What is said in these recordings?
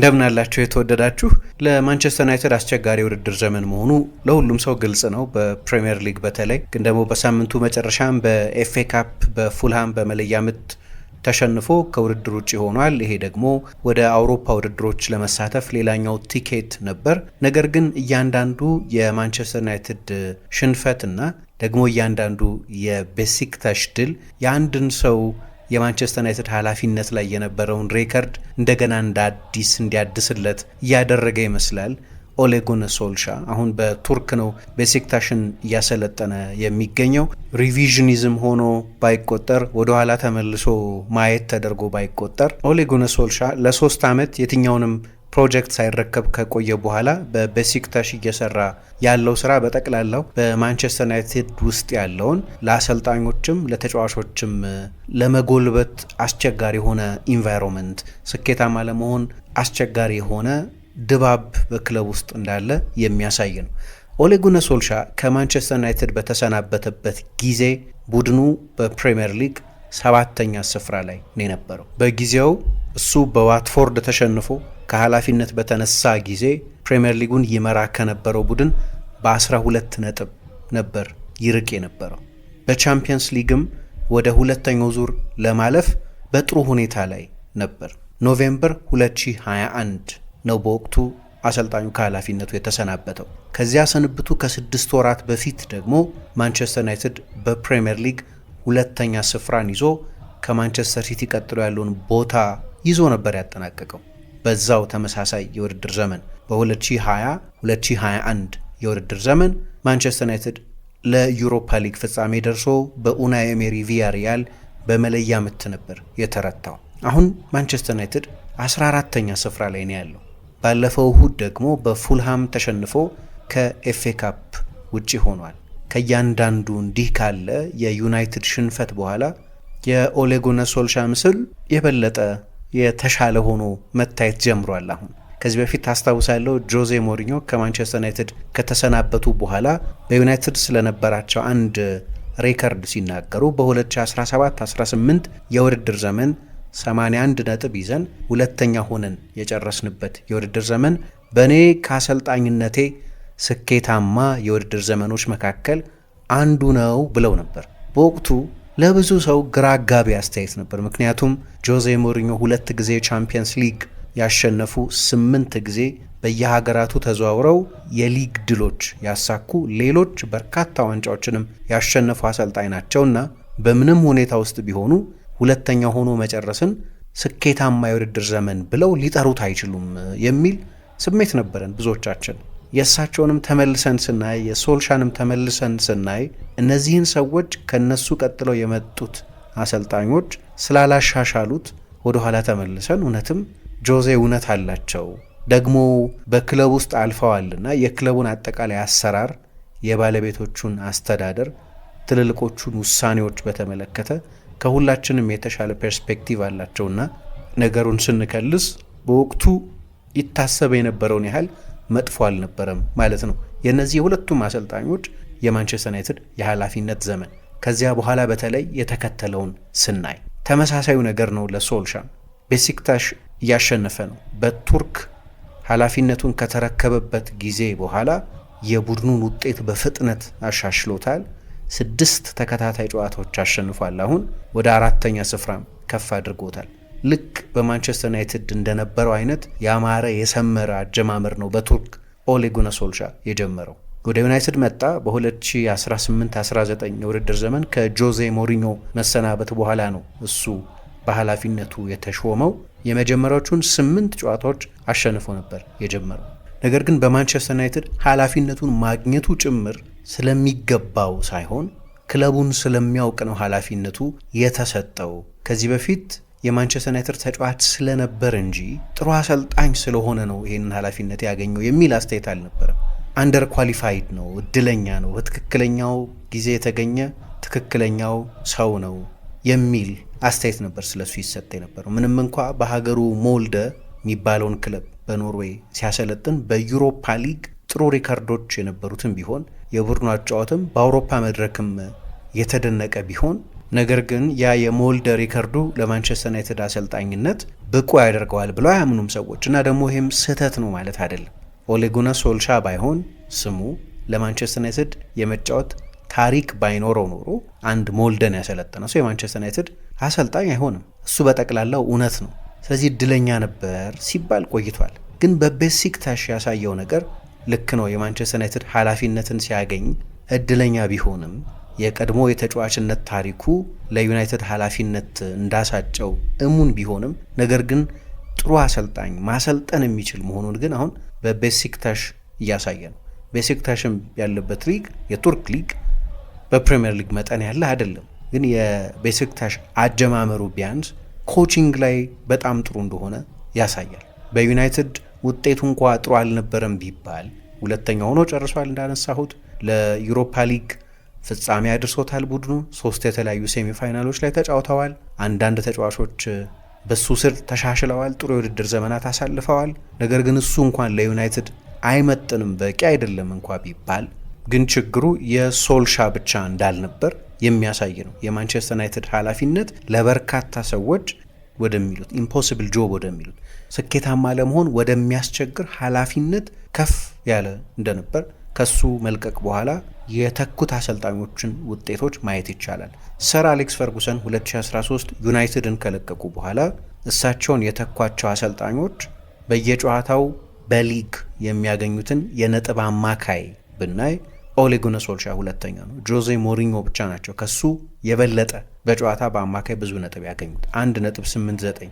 እንደምናላቸው የተወደዳችሁ። ለማንቸስተር ዩናይትድ አስቸጋሪ ውድድር ዘመን መሆኑ ለሁሉም ሰው ግልጽ ነው፣ በፕሪምየር ሊግ በተለይ ግን ደግሞ በሳምንቱ መጨረሻም በኤፍኤ ካፕ በፉልሃም በመለያ ምት ተሸንፎ ከውድድር ውጭ ሆኗል። ይሄ ደግሞ ወደ አውሮፓ ውድድሮች ለመሳተፍ ሌላኛው ቲኬት ነበር። ነገር ግን እያንዳንዱ የማንቸስተር ዩናይትድ ሽንፈትና ደግሞ እያንዳንዱ የቤሲክታሽ ድል የአንድን ሰው የማንቸስተር ዩናይትድ ኃላፊነት ላይ የነበረውን ሬከርድ እንደገና እንደ አዲስ እንዲያድስለት እያደረገ ይመስላል። ኦሌጉነ ሶልሻ አሁን በቱርክ ነው ቤሴክታሽን እያሰለጠነ የሚገኘው። ሪቪዥኒዝም ሆኖ ባይቆጠር ወደኋላ ተመልሶ ማየት ተደርጎ ባይቆጠር ኦሌጉነ ሶልሻ ለሶስት ዓመት የትኛውንም ፕሮጀክት ሳይረከብ ከቆየ በኋላ በቤሲክታሽ እየሰራ ያለው ስራ በጠቅላላው በማንቸስተር ዩናይትድ ውስጥ ያለውን ለአሰልጣኞችም ለተጫዋቾችም ለመጎልበት አስቸጋሪ የሆነ ኢንቫይሮንመንት፣ ስኬታማ ለመሆን አስቸጋሪ የሆነ ድባብ በክለብ ውስጥ እንዳለ የሚያሳይ ነው። ኦሌ ጉነ ሶልሻ ከማንቸስተር ዩናይትድ በተሰናበተበት ጊዜ ቡድኑ በፕሪምየር ሊግ ሰባተኛ ስፍራ ላይ ነው የነበረው። በጊዜው እሱ በዋትፎርድ ተሸንፎ ከኃላፊነት በተነሳ ጊዜ ፕሪምየር ሊጉን ይመራ ከነበረው ቡድን በ12 ነጥብ ነበር ይርቅ የነበረው። በቻምፒየንስ ሊግም ወደ ሁለተኛው ዙር ለማለፍ በጥሩ ሁኔታ ላይ ነበር። ኖቬምበር 2021 ነው በወቅቱ አሰልጣኙ ከኃላፊነቱ የተሰናበተው። ከዚያ ስንብቱ ከስድስት ወራት በፊት ደግሞ ማንቸስተር ዩናይትድ በፕሪምየር ሊግ ሁለተኛ ስፍራን ይዞ ከማንቸስተር ሲቲ ቀጥሎ ያለውን ቦታ ይዞ ነበር ያጠናቀቀው። በዛው ተመሳሳይ የውድድር ዘመን በ2020 2021 የውድድር ዘመን ማንቸስተር ዩናይትድ ለዩሮፓ ሊግ ፍጻሜ ደርሶ በኡናይ ኤሜሪ ቪያሪያል በመለያ ምት ነበር የተረታው። አሁን ማንቸስተር ዩናይትድ 14ተኛ ስፍራ ላይ ነው ያለው። ባለፈው እሁድ ደግሞ በፉልሃም ተሸንፎ ከኤፍኤ ካፕ ውጪ ሆኗል። ከእያንዳንዱ እንዲህ ካለ የዩናይትድ ሽንፈት በኋላ የኦሌጉነ ሶልሻ ምስል የበለጠ የተሻለ ሆኖ መታየት ጀምሯል። አሁን ከዚህ በፊት ታስታውሳለሁ፣ ጆዜ ሞሪኞ ከማንቸስተር ዩናይትድ ከተሰናበቱ በኋላ በዩናይትድ ስለነበራቸው አንድ ሬከርድ ሲናገሩ በ2017/18 የውድድር ዘመን 81 ነጥብ ይዘን ሁለተኛ ሆነን የጨረስንበት የውድድር ዘመን በእኔ ከአሰልጣኝነቴ ስኬታማ የውድድር ዘመኖች መካከል አንዱ ነው ብለው ነበር። በወቅቱ ለብዙ ሰው ግራ አጋቢ አስተያየት ነበር። ምክንያቱም ጆዜ ሞሪኞ ሁለት ጊዜ ቻምፒየንስ ሊግ ያሸነፉ፣ ስምንት ጊዜ በየሀገራቱ ተዘዋውረው የሊግ ድሎች ያሳኩ፣ ሌሎች በርካታ ዋንጫዎችንም ያሸነፉ አሰልጣኝ ናቸውና በምንም ሁኔታ ውስጥ ቢሆኑ ሁለተኛ ሆኖ መጨረስን ስኬታማ የውድድር ዘመን ብለው ሊጠሩት አይችሉም የሚል ስሜት ነበረን ብዙዎቻችን። የእሳቸውንም ተመልሰን ስናይ የሶልሻንም ተመልሰን ስናይ እነዚህን ሰዎች ከነሱ ቀጥለው የመጡት አሰልጣኞች ስላላሻሻሉት ወደኋላ ተመልሰን እውነትም ጆዜ እውነት አላቸው ደግሞ በክለብ ውስጥ አልፈዋልና የክለቡን አጠቃላይ አሰራር፣ የባለቤቶቹን አስተዳደር፣ ትልልቆቹን ውሳኔዎች በተመለከተ ከሁላችንም የተሻለ ፐርስፔክቲቭ አላቸውና ነገሩን ስንከልስ በወቅቱ ይታሰብ የነበረውን ያህል መጥፎ አልነበረም ማለት ነው። የእነዚህ የሁለቱም አሰልጣኞች የማንቸስተር ዩናይትድ የኃላፊነት ዘመን ከዚያ በኋላ በተለይ የተከተለውን ስናይ ተመሳሳዩ ነገር ነው። ለሶልሻም ቤሲክታሽ እያሸነፈ ነው። በቱርክ ኃላፊነቱን ከተረከበበት ጊዜ በኋላ የቡድኑን ውጤት በፍጥነት አሻሽሎታል። ስድስት ተከታታይ ጨዋታዎች አሸንፏል። አሁን ወደ አራተኛ ስፍራም ከፍ አድርጎታል። ልክ በማንቸስተር ዩናይትድ እንደነበረው አይነት ያማረ የሰመረ አጀማመር ነው በቱርክ ኦሌ ጉና ሶልሻር የጀመረው። ወደ ዩናይትድ መጣ። በ2018-19 የውድድር ዘመን ከጆዜ ሞሪኞ መሰናበት በኋላ ነው እሱ በኃላፊነቱ የተሾመው። የመጀመሪያዎቹን ስምንት ጨዋታዎች አሸንፎ ነበር የጀመረው። ነገር ግን በማንቸስተር ዩናይትድ ኃላፊነቱን ማግኘቱ ጭምር ስለሚገባው ሳይሆን ክለቡን ስለሚያውቅ ነው ኃላፊነቱ የተሰጠው ከዚህ በፊት የማንቸስተር ዩናይትድ ተጫዋች ስለነበር እንጂ ጥሩ አሰልጣኝ ስለሆነ ነው ይህንን ኃላፊነት ያገኘው የሚል አስተያየት አልነበረም። አንደር ኳሊፋይድ ነው፣ እድለኛ ነው፣ በትክክለኛው ጊዜ የተገኘ ትክክለኛው ሰው ነው የሚል አስተያየት ነበር ስለሱ ይሰጥ የነበረው። ምንም እንኳ በሀገሩ ሞልደ የሚባለውን ክለብ በኖርዌይ ሲያሰለጥን በዩሮፓ ሊግ ጥሩ ሪከርዶች የነበሩትም ቢሆን የቡድኑ አጫወትም በአውሮፓ መድረክም የተደነቀ ቢሆን ነገር ግን ያ የሞልደ ሪከርዱ ለማንቸስተር ዩናይትድ አሰልጣኝነት ብቁ ያደርገዋል ብለው አያምኑም ሰዎች እና ደግሞ ይህም ስህተት ነው ማለት አይደለም። ኦሌጉነ ሶልሻ ባይሆን ስሙ ለማንቸስተር ዩናይትድ የመጫወት ታሪክ ባይኖረው ኖሮ አንድ ሞልደን ያሰለጠነ ሰው የማንቸስተር ዩናይትድ አሰልጣኝ አይሆንም። እሱ በጠቅላላው እውነት ነው። ስለዚህ እድለኛ ነበር ሲባል ቆይቷል። ግን በቤሲክ ታሽ ያሳየው ነገር ልክ ነው። የማንቸስተር ዩናይትድ ኃላፊነትን ሲያገኝ እድለኛ ቢሆንም የቀድሞ የተጫዋችነት ታሪኩ ለዩናይትድ ኃላፊነት እንዳሳጨው እሙን ቢሆንም ነገር ግን ጥሩ አሰልጣኝ ማሰልጠን የሚችል መሆኑን ግን አሁን በቤሲክታሽ እያሳየ ነው። ቤሲክታሽም ያለበት ሊግ የቱርክ ሊግ በፕሪምየር ሊግ መጠን ያለ አይደለም፣ ግን የቤሲክታሽ አጀማመሩ ቢያንስ ኮቺንግ ላይ በጣም ጥሩ እንደሆነ ያሳያል። በዩናይትድ ውጤቱ እንኳ ጥሩ አልነበረም ቢባል ሁለተኛ ሆኖ ጨርሷል እንዳነሳሁት ለዩሮፓ ሊግ ፍጻሜ አድርሶታል። ቡድኑ ሶስት የተለያዩ ሴሚፋይናሎች ላይ ተጫውተዋል። አንዳንድ ተጫዋቾች በሱ ስር ተሻሽለዋል፣ ጥሩ የውድድር ዘመናት አሳልፈዋል። ነገር ግን እሱ እንኳን ለዩናይትድ አይመጥንም፣ በቂ አይደለም እንኳ ቢባል ግን ችግሩ የሶልሻ ብቻ እንዳልነበር የሚያሳይ ነው። የማንቸስተር ዩናይትድ ኃላፊነት ለበርካታ ሰዎች ወደሚሉት ኢምፖስብል ጆብ ወደሚሉት ስኬታማ ለመሆን ወደሚያስቸግር ኃላፊነት ከፍ ያለ እንደነበር ከሱ መልቀቅ በኋላ የተኩት አሰልጣኞችን ውጤቶች ማየት ይቻላል። ሰር አሌክስ ፈርጉሰን 2013 ዩናይትድን ከለቀቁ በኋላ እሳቸውን የተኳቸው አሰልጣኞች በየጨዋታው በሊግ የሚያገኙትን የነጥብ አማካይ ብናይ ኦሌ ጉነር ሶልሻ ሁለተኛ ነው። ጆዜ ሞሪኞ ብቻ ናቸው ከሱ የበለጠ በጨዋታ በአማካይ ብዙ ነጥብ ያገኙት ዘጠኝ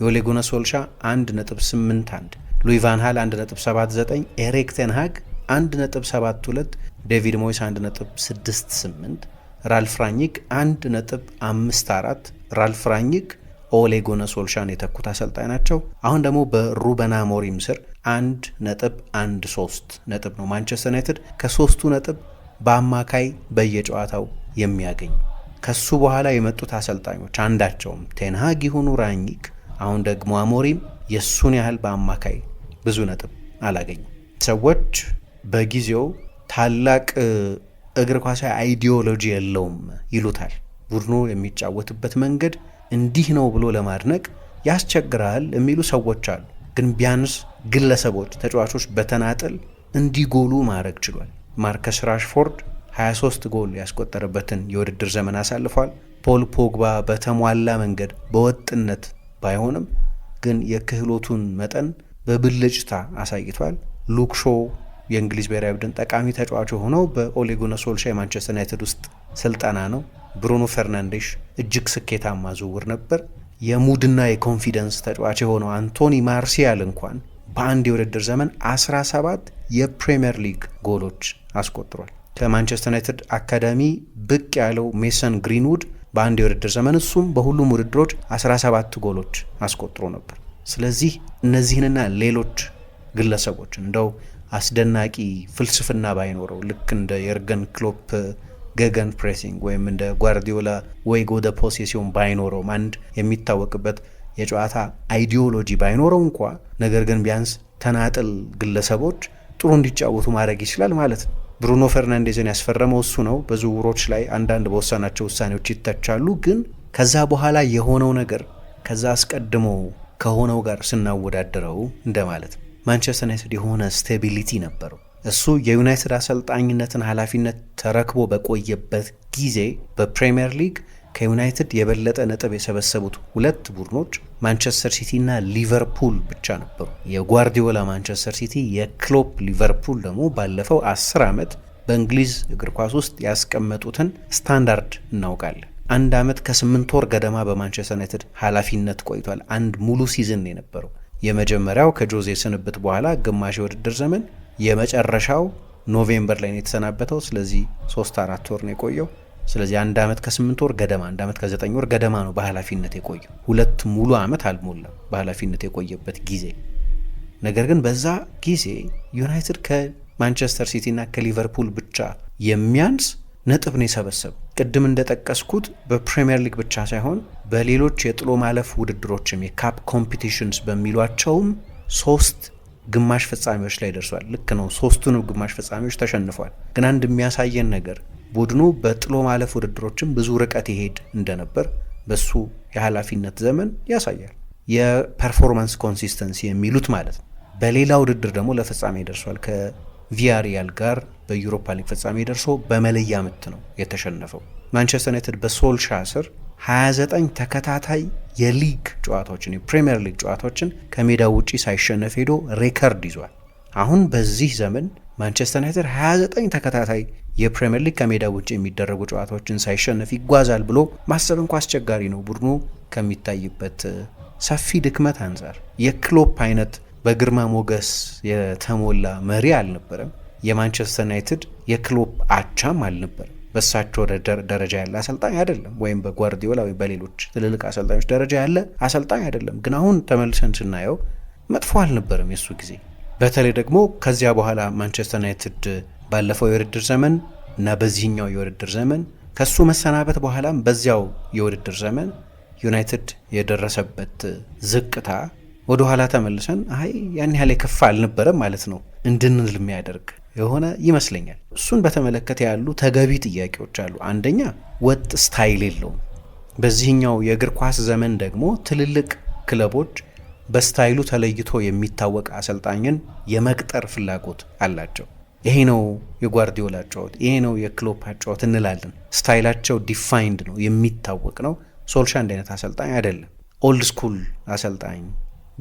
የኦሌ ጉነር ሶልሻ 1.81 ሉይ ቫን ሃል 1.79 ኤሪክ ቴን 1ድ ነ72 ዴቪድ ሞይስ 1.68 ራልፍ ራኒክ 1.54 ራልፍ ራኒክ ኦሌ ጎነ ሶልሻን የተኩት አሰልጣኝ ናቸው። አሁን ደግሞ በሩበን አሞሪም ስር አንድ ነጥብ 1 ሶስት ነጥብ ነው ማንቸስተር ዩናይትድ ከሶስቱ ነጥብ በአማካይ በየጨዋታው የሚያገኝ ከሱ በኋላ የመጡት አሰልጣኞች አንዳቸውም ቴንሃግ ይሁኑ ራኒክ አሁን ደግሞ አሞሪም የእሱን ያህል በአማካይ ብዙ ነጥብ አላገኙም። ሰዎች በጊዜው ታላቅ እግር ኳሳዊ አይዲዮሎጂ የለውም ይሉታል። ቡድኑ የሚጫወትበት መንገድ እንዲህ ነው ብሎ ለማድነቅ ያስቸግራል የሚሉ ሰዎች አሉ። ግን ቢያንስ ግለሰቦች፣ ተጫዋቾች በተናጠል እንዲጎሉ ማድረግ ችሏል። ማርከስ ራሽፎርድ 23 ጎል ያስቆጠረበትን የውድድር ዘመን አሳልፏል። ፖል ፖግባ በተሟላ መንገድ በወጥነት ባይሆንም ግን የክህሎቱን መጠን በብልጭታ አሳይቷል። ሉክሾ የእንግሊዝ ብሔራዊ ቡድን ጠቃሚ ተጫዋች ሆነው በኦሌጉነ ሶልሻ የማንቸስተር ዩናይትድ ውስጥ ስልጠና ነው። ብሩኖ ፈርናንዴሽ እጅግ ስኬታማ ዝውውር ነበር። የሙድና የኮንፊደንስ ተጫዋች የሆነው አንቶኒ ማርሲያል እንኳን በአንድ የውድድር ዘመን 17 የፕሪምየር ሊግ ጎሎች አስቆጥሯል። ከማንቸስተር ዩናይትድ አካዳሚ ብቅ ያለው ሜሰን ግሪንውድ በአንድ የውድድር ዘመን እሱም በሁሉም ውድድሮች 17 ጎሎች አስቆጥሮ ነበር። ስለዚህ እነዚህንና ሌሎች ግለሰቦች እንደው አስደናቂ ፍልስፍና ባይኖረው ልክ እንደ የርገን ክሎፕ ገገን ፕሬሲንግ ወይም እንደ ጓርዲዮላ ወይ ጎደ ፖሴሲዮን ባይኖረውም አንድ የሚታወቅበት የጨዋታ አይዲዮሎጂ ባይኖረው እንኳ ነገር ግን ቢያንስ ተናጥል ግለሰቦች ጥሩ እንዲጫወቱ ማድረግ ይችላል ማለት ነው። ብሩኖ ፈርናንዴዝን ያስፈረመው እሱ ነው። በዝውውሮች ላይ አንዳንድ በወሰናቸው ውሳኔዎች ይተቻሉ። ግን ከዛ በኋላ የሆነው ነገር ከዛ አስቀድሞ ከሆነው ጋር ስናወዳደረው እንደማለት ነው። ማንቸስተር ዩናይትድ የሆነ ስቴቢሊቲ ነበረው። እሱ የዩናይትድ አሰልጣኝነትን ኃላፊነት ተረክቦ በቆየበት ጊዜ በፕሪምየር ሊግ ከዩናይትድ የበለጠ ነጥብ የሰበሰቡት ሁለት ቡድኖች ማንቸስተር ሲቲ እና ሊቨርፑል ብቻ ነበሩ። የጓርዲዮላ ማንቸስተር ሲቲ፣ የክሎፕ ሊቨርፑል ደግሞ ባለፈው አስር ዓመት በእንግሊዝ እግር ኳስ ውስጥ ያስቀመጡትን ስታንዳርድ እናውቃለን። አንድ ዓመት ከስምንት ወር ገደማ በማንቸስተር ዩናይትድ ኃላፊነት ቆይቷል። አንድ ሙሉ ሲዝን የነበረው የመጀመሪያው ከጆዜ ስንብት በኋላ ግማሽ የውድድር ዘመን፣ የመጨረሻው ኖቬምበር ላይ ነው የተሰናበተው። ስለዚህ ሶስት አራት ወር ነው የቆየው። ስለዚህ አንድ ዓመት ከስምንት ወር ገደማ አንድ ዓመት ከዘጠኝ ወር ገደማ ነው በኃላፊነት የቆየው። ሁለት ሙሉ አመት አልሞላም በኃላፊነት የቆየበት ጊዜ። ነገር ግን በዛ ጊዜ ዩናይትድ ከማንቸስተር ሲቲ እና ከሊቨርፑል ብቻ የሚያንስ ነጥብ ነው የሰበሰቡ። ቅድም እንደጠቀስኩት በፕሪምየር ሊግ ብቻ ሳይሆን በሌሎች የጥሎ ማለፍ ውድድሮችም የካፕ ኮምፒቲሽንስ በሚሏቸውም ሶስት ግማሽ ፍጻሜዎች ላይ ደርሷል። ልክ ነው፣ ሶስቱንም ግማሽ ፍጻሜዎች ተሸንፏል። ግን አንድ የሚያሳየን ነገር ቡድኑ በጥሎ ማለፍ ውድድሮችም ብዙ ርቀት ይሄድ እንደነበር በሱ የኃላፊነት ዘመን ያሳያል። የፐርፎርማንስ ኮንሲስተንሲ የሚሉት ማለት ነው። በሌላ ውድድር ደግሞ ለፍጻሜ ደርሷል ከቪያሪያል ጋር በዩሮፓ ሊግ ፍጻሜ ደርሶ በመለያ ምት ነው የተሸነፈው። ማንቸስተር ዩናይትድ በሶልሻ ስር 29 ተከታታይ የሊግ ጨዋታዎችን የፕሪምየር ሊግ ጨዋታዎችን ከሜዳ ውጪ ሳይሸነፍ ሄዶ ሬከርድ ይዟል። አሁን በዚህ ዘመን ማንቸስተር ዩናይትድ 29 ተከታታይ የፕሪምየር ሊግ ከሜዳ ውጭ የሚደረጉ ጨዋታዎችን ሳይሸነፍ ይጓዛል ብሎ ማሰብ እንኳ አስቸጋሪ ነው። ቡድኑ ከሚታይበት ሰፊ ድክመት አንጻር የክሎፕ አይነት በግርማ ሞገስ የተሞላ መሪ አልነበረም። የማንቸስተር ዩናይትድ የክሎፕ አቻም አልነበርም። በእሳቸው ደረጃ ያለ አሰልጣኝ አይደለም፣ ወይም በጓርዲዮላ ወይም በሌሎች ትልልቅ አሰልጣኞች ደረጃ ያለ አሰልጣኝ አይደለም። ግን አሁን ተመልሰን ስናየው መጥፎ አልነበርም የእሱ ጊዜ። በተለይ ደግሞ ከዚያ በኋላ ማንቸስተር ዩናይትድ ባለፈው የውድድር ዘመን እና በዚህኛው የውድድር ዘመን ከሱ መሰናበት በኋላም በዚያው የውድድር ዘመን ዩናይትድ የደረሰበት ዝቅታ ወደኋላ ተመልሰን አይ ያን ያህል የከፋ አልነበረም ማለት ነው እንድንል የሚያደርግ የሆነ ይመስለኛል። እሱን በተመለከተ ያሉ ተገቢ ጥያቄዎች አሉ። አንደኛ ወጥ ስታይል የለውም። በዚህኛው የእግር ኳስ ዘመን ደግሞ ትልልቅ ክለቦች በስታይሉ ተለይቶ የሚታወቅ አሰልጣኝን የመቅጠር ፍላጎት አላቸው። ይሄ ነው የጓርዲዮላ ጨዋታ፣ ይሄ ነው የክሎፕ ጨዋታ እንላለን። ስታይላቸው ዲፋይንድ ነው፣ የሚታወቅ ነው። ሶልሻ እንዲህ አይነት አሰልጣኝ አይደለም። ኦልድ ስኩል አሰልጣኝ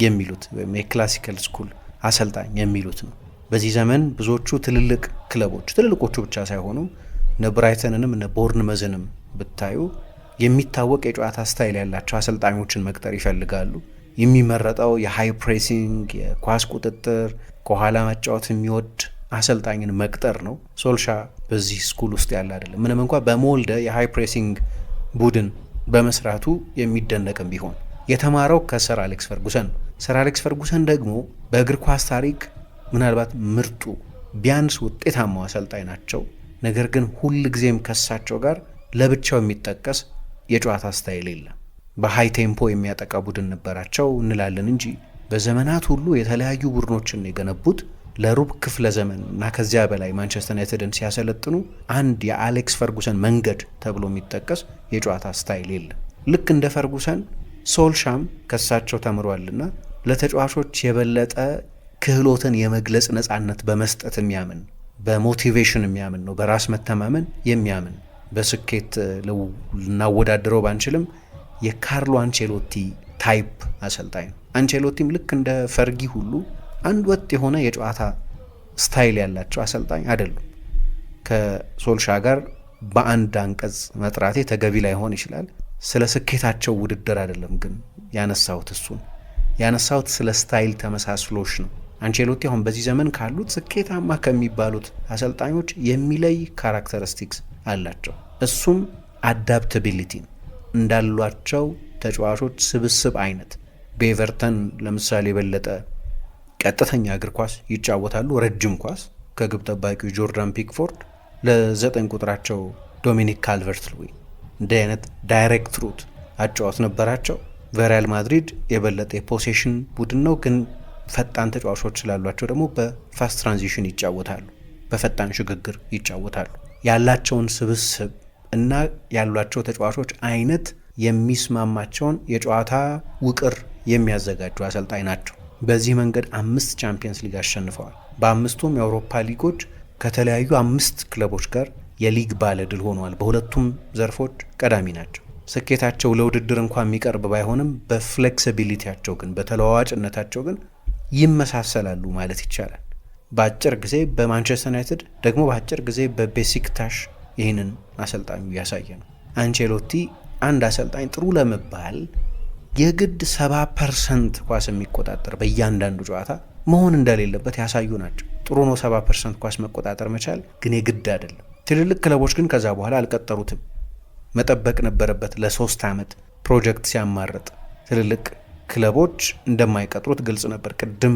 የሚሉት ወይም የክላሲካል ስኩል አሰልጣኝ የሚሉት ነው። በዚህ ዘመን ብዙዎቹ ትልልቅ ክለቦች ትልልቆቹ ብቻ ሳይሆኑ እነ ብራይተንንም እነ ቦርንመዝንም ብታዩ የሚታወቅ የጨዋታ ስታይል ያላቸው አሰልጣኞችን መቅጠር ይፈልጋሉ። የሚመረጠው የሃይ ፕሬሲንግ፣ የኳስ ቁጥጥር፣ ከኋላ መጫወት የሚወድ አሰልጣኝን መቅጠር ነው። ሶልሻ በዚህ ስኩል ውስጥ ያለ አይደለም። ምንም እንኳ በሞልደ የሃይ ፕሬሲንግ ቡድን በመስራቱ የሚደነቅም ቢሆን የተማረው ከሰር አሌክስ ፈርጉሰን ሰር አሌክስ ፈርጉሰን ደግሞ በእግር ኳስ ታሪክ ምናልባት ምርጡ ቢያንስ ውጤታማው አሰልጣኝ ናቸው። ነገር ግን ሁል ጊዜም ከሳቸው ጋር ለብቻው የሚጠቀስ የጨዋታ ስታይል የለም። በሃይ ቴምፖ የሚያጠቃ ቡድን ነበራቸው እንላለን እንጂ በዘመናት ሁሉ የተለያዩ ቡድኖችን የገነቡት ለሩብ ክፍለ ዘመን እና ከዚያ በላይ ማንቸስተር ዩናይትድን ሲያሰለጥኑ አንድ የአሌክስ ፈርጉሰን መንገድ ተብሎ የሚጠቀስ የጨዋታ ስታይል የለም። ልክ እንደ ፈርጉሰን ሶልሻም ከሳቸው ተምሯልና ለተጫዋቾች የበለጠ ክህሎትን የመግለጽ ነፃነት በመስጠት የሚያምን በሞቲቬሽን የሚያምን ነው። በራስ መተማመን የሚያምን በስኬት ልናወዳድረው ባንችልም የካርሎ አንቼሎቲ ታይፕ አሰልጣኝ ነው። አንቼሎቲም ልክ እንደ ፈርጊ ሁሉ አንድ ወጥ የሆነ የጨዋታ ስታይል ያላቸው አሰልጣኝ አይደሉም። ከሶልሻ ጋር በአንድ አንቀጽ መጥራቴ ተገቢ ላይሆን ይችላል። ስለ ስኬታቸው ውድድር አይደለም ግን ያነሳሁት እሱን ያነሳሁት ስለ ስታይል ተመሳስሎች ነው። አንቸሎቲ አሁን በዚህ ዘመን ካሉት ስኬታማ ከሚባሉት አሰልጣኞች የሚለይ ካራክተሪስቲክስ አላቸው። እሱም አዳፕታቢሊቲ እንዳሏቸው ተጫዋቾች ስብስብ አይነት በኤቨርተን ለምሳሌ የበለጠ ቀጥተኛ እግር ኳስ ይጫወታሉ። ረጅም ኳስ ከግብ ጠባቂው ጆርዳን ፒክፎርድ ለዘጠኝ ቁጥራቸው ዶሚኒክ ካልቨርት ሉዊን እንዲህ አይነት ዳይሬክት ሩት አጫዋት ነበራቸው። በሪያል ማድሪድ የበለጠ የፖሴሽን ቡድን ነው፣ ግን ፈጣን ተጫዋቾች ስላሏቸው ደግሞ በፋስት ትራንዚሽን ይጫወታሉ፣ በፈጣን ሽግግር ይጫወታሉ። ያላቸውን ስብስብ እና ያሏቸው ተጫዋቾች አይነት የሚስማማቸውን የጨዋታ ውቅር የሚያዘጋጁ አሰልጣኝ ናቸው። በዚህ መንገድ አምስት ቻምፒየንስ ሊግ አሸንፈዋል። በአምስቱም የአውሮፓ ሊጎች ከተለያዩ አምስት ክለቦች ጋር የሊግ ባለድል ሆነዋል። በሁለቱም ዘርፎች ቀዳሚ ናቸው። ስኬታቸው ለውድድር እንኳ የሚቀርብ ባይሆንም በፍሌክሲቢሊቲያቸው ግን በተለዋዋጭነታቸው ግን ይመሳሰላሉ ማለት ይቻላል። በአጭር ጊዜ በማንቸስተር ዩናይትድ ደግሞ በአጭር ጊዜ በቤሲክታሽ ይህንን አሰልጣኙ እያሳየ ነው። አንቼሎቲ አንድ አሰልጣኝ ጥሩ ለመባል የግድ 70 ፐርሰንት ኳስ የሚቆጣጠር በእያንዳንዱ ጨዋታ መሆን እንደሌለበት ያሳዩ ናቸው። ጥሩ ነው 70 ፐርሰንት ኳስ መቆጣጠር መቻል፣ ግን የግድ አይደለም። ትልልቅ ክለቦች ግን ከዛ በኋላ አልቀጠሩትም። መጠበቅ ነበረበት ለሶስት ዓመት ፕሮጀክት ሲያማርጥ ትልልቅ ክለቦች እንደማይቀጥሩት ግልጽ ነበር። ቅድም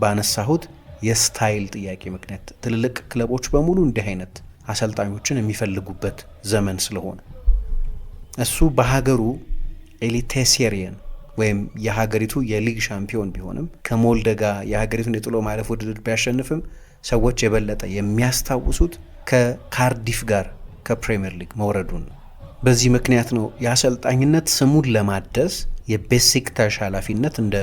ባነሳሁት የስታይል ጥያቄ ምክንያት ትልልቅ ክለቦች በሙሉ እንዲህ አይነት አሰልጣኞችን የሚፈልጉበት ዘመን ስለሆነ እሱ በሀገሩ ኤሊቴሴሪየን ወይም የሀገሪቱ የሊግ ሻምፒዮን ቢሆንም ከሞልደ ጋር የሀገሪቱን የጥሎ ማለፍ ውድድር ቢያሸንፍም ሰዎች የበለጠ የሚያስታውሱት ከካርዲፍ ጋር ከፕሪምየር ሊግ መውረዱን ነው። በዚህ ምክንያት ነው የአሰልጣኝነት ስሙን ለማደስ የቤሲክታሽ ኃላፊነት እንደ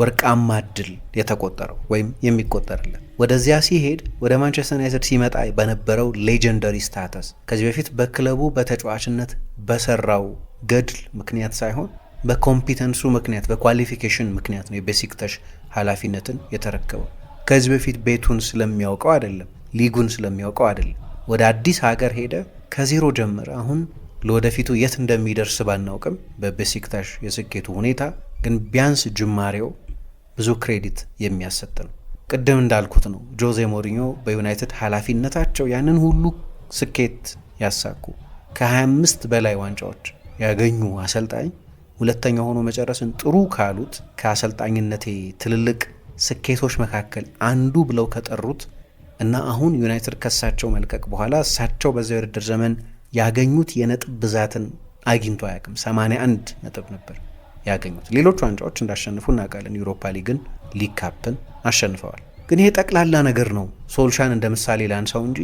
ወርቃማ እድል የተቆጠረው ወይም የሚቆጠርለት ወደዚያ ሲሄድ ወደ ማንቸስተር ዩናይትድ ሲመጣ በነበረው ሌጀንደሪ ስታተስ ከዚህ በፊት በክለቡ በተጫዋችነት በሰራው ገድል ምክንያት ሳይሆን በኮምፒተንሱ ምክንያት በኳሊፊኬሽን ምክንያት ነው የቤሲክታሽ ኃላፊነትን የተረከበው። ከዚህ በፊት ቤቱን ስለሚያውቀው አይደለም፣ ሊጉን ስለሚያውቀው አይደለም። ወደ አዲስ ሀገር ሄደ፣ ከዜሮ ጀመረ። አሁን ለወደፊቱ የት እንደሚደርስ ባናውቅም በቤሲክታሽ የስኬቱ ሁኔታ ግን ቢያንስ ጅማሬው ብዙ ክሬዲት የሚያሰጥ ነው። ቅድም እንዳልኩት ነው ጆዜ ሞሪኞ በዩናይትድ ኃላፊነታቸው ያንን ሁሉ ስኬት ያሳኩ ከ25 በላይ ዋንጫዎች ያገኙ አሰልጣኝ ሁለተኛ ሆኖ መጨረስን ጥሩ ካሉት ከአሰልጣኝነቴ ትልልቅ ስኬቶች መካከል አንዱ ብለው ከጠሩት እና አሁን ዩናይትድ ከሳቸው መልቀቅ በኋላ እሳቸው በዚያ የውድድር ዘመን ያገኙት የነጥብ ብዛትን አግኝቶ አያውቅም። 81 ነጥብ ነበር ያገኙት። ሌሎች ዋንጫዎች እንዳሸንፉ እናውቃለን። ዩሮፓ ሊግን፣ ሊግ ካፕን አሸንፈዋል። ግን ይሄ ጠቅላላ ነገር ነው። ሶልሻን እንደ ምሳሌ ላንሳው እንጂ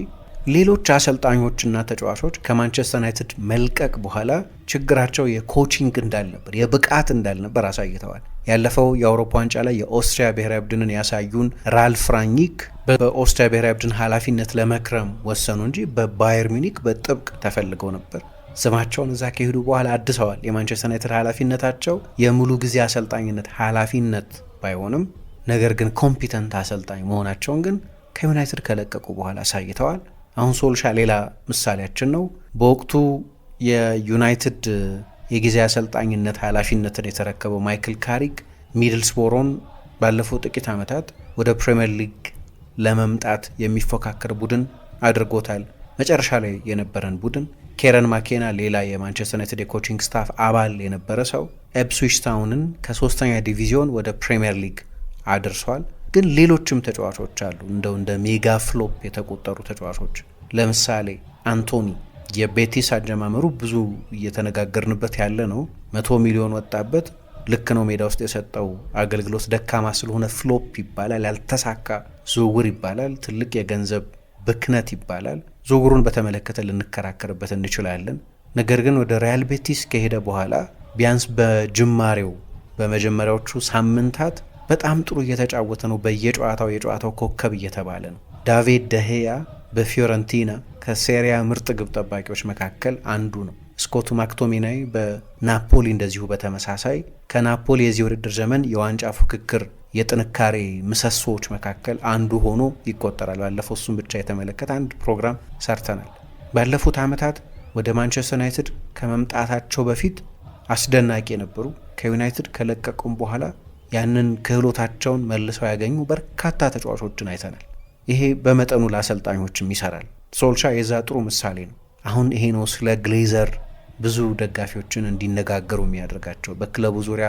ሌሎች አሰልጣኞችና ተጫዋቾች ከማንቸስተር ዩናይትድ መልቀቅ በኋላ ችግራቸው የኮቺንግ እንዳልነበር የብቃት እንዳልነበር አሳይተዋል። ያለፈው የአውሮፓ ዋንጫ ላይ የኦስትሪያ ብሔራዊ ቡድንን ያሳዩን ራልፍ ራኒክ በኦስትሪያ ብሔራዊ ቡድን ኃላፊነት ለመክረም ወሰኑ እንጂ በባየር ሚኒክ በጥብቅ ተፈልገው ነበር። ስማቸውን እዛ ከሄዱ በኋላ አድሰዋል። የማንቸስተር ዩናይትድ ኃላፊነታቸው የሙሉ ጊዜ አሰልጣኝነት ኃላፊነት ባይሆንም ነገር ግን ኮምፒተንት አሰልጣኝ መሆናቸውን ግን ከዩናይትድ ከለቀቁ በኋላ አሳይተዋል። አሁን ሶልሻ ሌላ ምሳሌያችን ነው። በወቅቱ የዩናይትድ የጊዜ አሰልጣኝነት ኃላፊነትን የተረከበው ማይክል ካሪክ ሚድልስቦሮን ባለፈው ጥቂት ዓመታት ወደ ፕሪምየር ሊግ ለመምጣት የሚፎካከር ቡድን አድርጎታል። መጨረሻ ላይ የነበረን ቡድን ኬረን ማኬና ሌላ የማንቸስተር ዩናይትድ የኮችንግ ስታፍ አባል የነበረ ሰው ኤፕስዊች ታውንን ከሶስተኛ ዲቪዚዮን ወደ ፕሪምየር ሊግ አድርሷል። ግን ሌሎችም ተጫዋቾች አሉ እንደው እንደ ሜጋ ፍሎፕ የተቆጠሩ ተጫዋቾች ለምሳሌ አንቶኒ የቤቲስ አጀማመሩ ብዙ እየተነጋገርንበት ያለ ነው። መቶ ሚሊዮን ወጣበት። ልክ ነው። ሜዳ ውስጥ የሰጠው አገልግሎት ደካማ ስለሆነ ፍሎፕ ይባላል። ያልተሳካ ዝውውር ይባላል። ትልቅ የገንዘብ ብክነት ይባላል። ዝውውሩን በተመለከተ ልንከራከርበት እንችላለን። ነገር ግን ወደ ሪያል ቤቲስ ከሄደ በኋላ ቢያንስ በጅማሬው በመጀመሪያዎቹ ሳምንታት በጣም ጥሩ እየተጫወተ ነው። በየጨዋታው የጨዋታው ኮከብ እየተባለ ነው። ዳቪድ ደሄያ በፊዮረንቲና ከሴሪያ ምርጥ ግብ ጠባቂዎች መካከል አንዱ ነው። ስኮቱ ማክቶሚናይ በናፖሊ እንደዚሁ በተመሳሳይ ከናፖሊ የዚህ ውድድር ዘመን የዋንጫ ፉክክር የጥንካሬ ምሰሶዎች መካከል አንዱ ሆኖ ይቆጠራል። ባለፈው እሱን ብቻ የተመለከተ አንድ ፕሮግራም ሰርተናል። ባለፉት ዓመታት ወደ ማንቸስተር ዩናይትድ ከመምጣታቸው በፊት አስደናቂ የነበሩ ከዩናይትድ ከለቀቁም በኋላ ያንን ክህሎታቸውን መልሰው ያገኙ በርካታ ተጫዋቾችን አይተናል። ይሄ በመጠኑ ለአሰልጣኞችም ይሰራል። ሶልሻ የዛ ጥሩ ምሳሌ ነው። አሁን ይሄ ነው ስለ ግሌዘር ብዙ ደጋፊዎችን እንዲነጋገሩ የሚያደርጋቸው በክለቡ ዙሪያ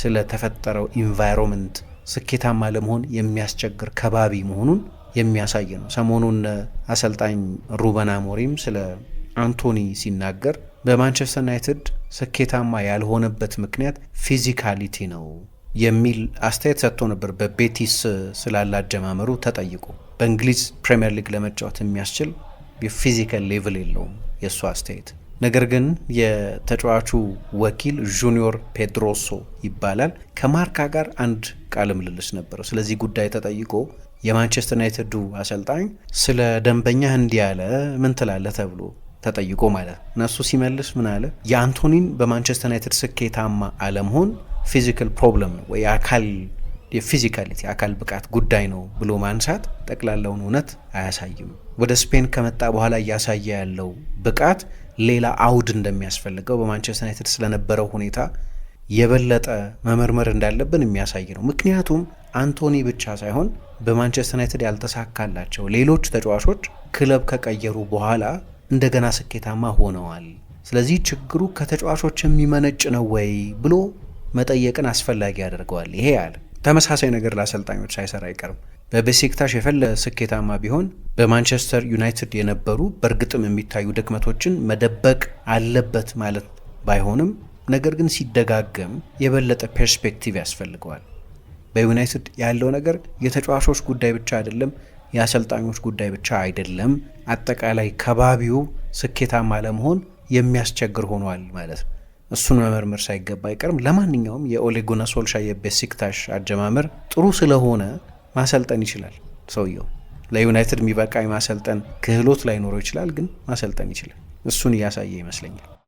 ስለተፈጠረው ኢንቫይሮንመንት ስኬታማ ለመሆን የሚያስቸግር ከባቢ መሆኑን የሚያሳይ ነው። ሰሞኑን አሰልጣኝ ሩበን አሞሪም ስለ አንቶኒ ሲናገር በማንቸስተር ዩናይትድ ስኬታማ ያልሆነበት ምክንያት ፊዚካሊቲ ነው የሚል አስተያየት ሰጥቶ ነበር። በቤቲስ ስላለ አጀማመሩ ተጠይቆ በእንግሊዝ ፕሪምየር ሊግ ለመጫወት የሚያስችል የፊዚካል ሌቭል የለውም የእሱ አስተያየት። ነገር ግን የተጫዋቹ ወኪል ጁኒዮር ፔድሮሶ ይባላል ከማርካ ጋር አንድ ቃለ ምልልስ ነበረው። ስለዚህ ጉዳይ ተጠይቆ የማንቸስተር ዩናይትዱ አሰልጣኝ ስለ ደንበኛህ እንዲህ ያለ ምን ትላለህ ተብሎ ተጠይቆ ማለት ነው። እነሱ ሲመልስ ምን አለ? የአንቶኒን በማንቸስተር ዩናይትድ ስኬታማ አለመሆን ፊዚካል ፕሮብለም ነው ወይ አካል የፊዚካሊቲ አካል ብቃት ጉዳይ ነው ብሎ ማንሳት ጠቅላላውን እውነት አያሳይም። ወደ ስፔን ከመጣ በኋላ እያሳየ ያለው ብቃት ሌላ አውድ እንደሚያስፈልገው በማንቸስተር ዩናይትድ ስለነበረው ሁኔታ የበለጠ መመርመር እንዳለብን የሚያሳይ ነው። ምክንያቱም አንቶኒ ብቻ ሳይሆን በማንቸስተር ዩናይትድ ያልተሳካላቸው ሌሎች ተጫዋቾች ክለብ ከቀየሩ በኋላ እንደገና ስኬታማ ሆነዋል። ስለዚህ ችግሩ ከተጫዋቾች የሚመነጭ ነው ወይ ብሎ መጠየቅን አስፈላጊ ያደርገዋል። ይሄ አለ ተመሳሳይ ነገር ለአሰልጣኞች ሳይሰራ አይቀርም። በቤሲክታሽ የፈለ ስኬታማ ቢሆን በማንቸስተር ዩናይትድ የነበሩ በእርግጥም የሚታዩ ድክመቶችን መደበቅ አለበት ማለት ባይሆንም ነገር ግን ሲደጋገም የበለጠ ፐርስፔክቲቭ ያስፈልገዋል። በዩናይትድ ያለው ነገር የተጫዋቾች ጉዳይ ብቻ አይደለም፣ የአሰልጣኞች ጉዳይ ብቻ አይደለም። አጠቃላይ ከባቢው ስኬታማ ለመሆን የሚያስቸግር ሆኗል ማለት ነው። እሱን መመርመር ሳይገባ አይቀርም። ለማንኛውም የኦሌጉና ሶልሻ የቤሲክታሽ አጀማመር ጥሩ ስለሆነ ማሰልጠን ይችላል። ሰውየው ለዩናይትድ የሚበቃ የማሰልጠን ክህሎት ላይኖረው ይችላል፣ ግን ማሰልጠን ይችላል። እሱን እያሳየ ይመስለኛል።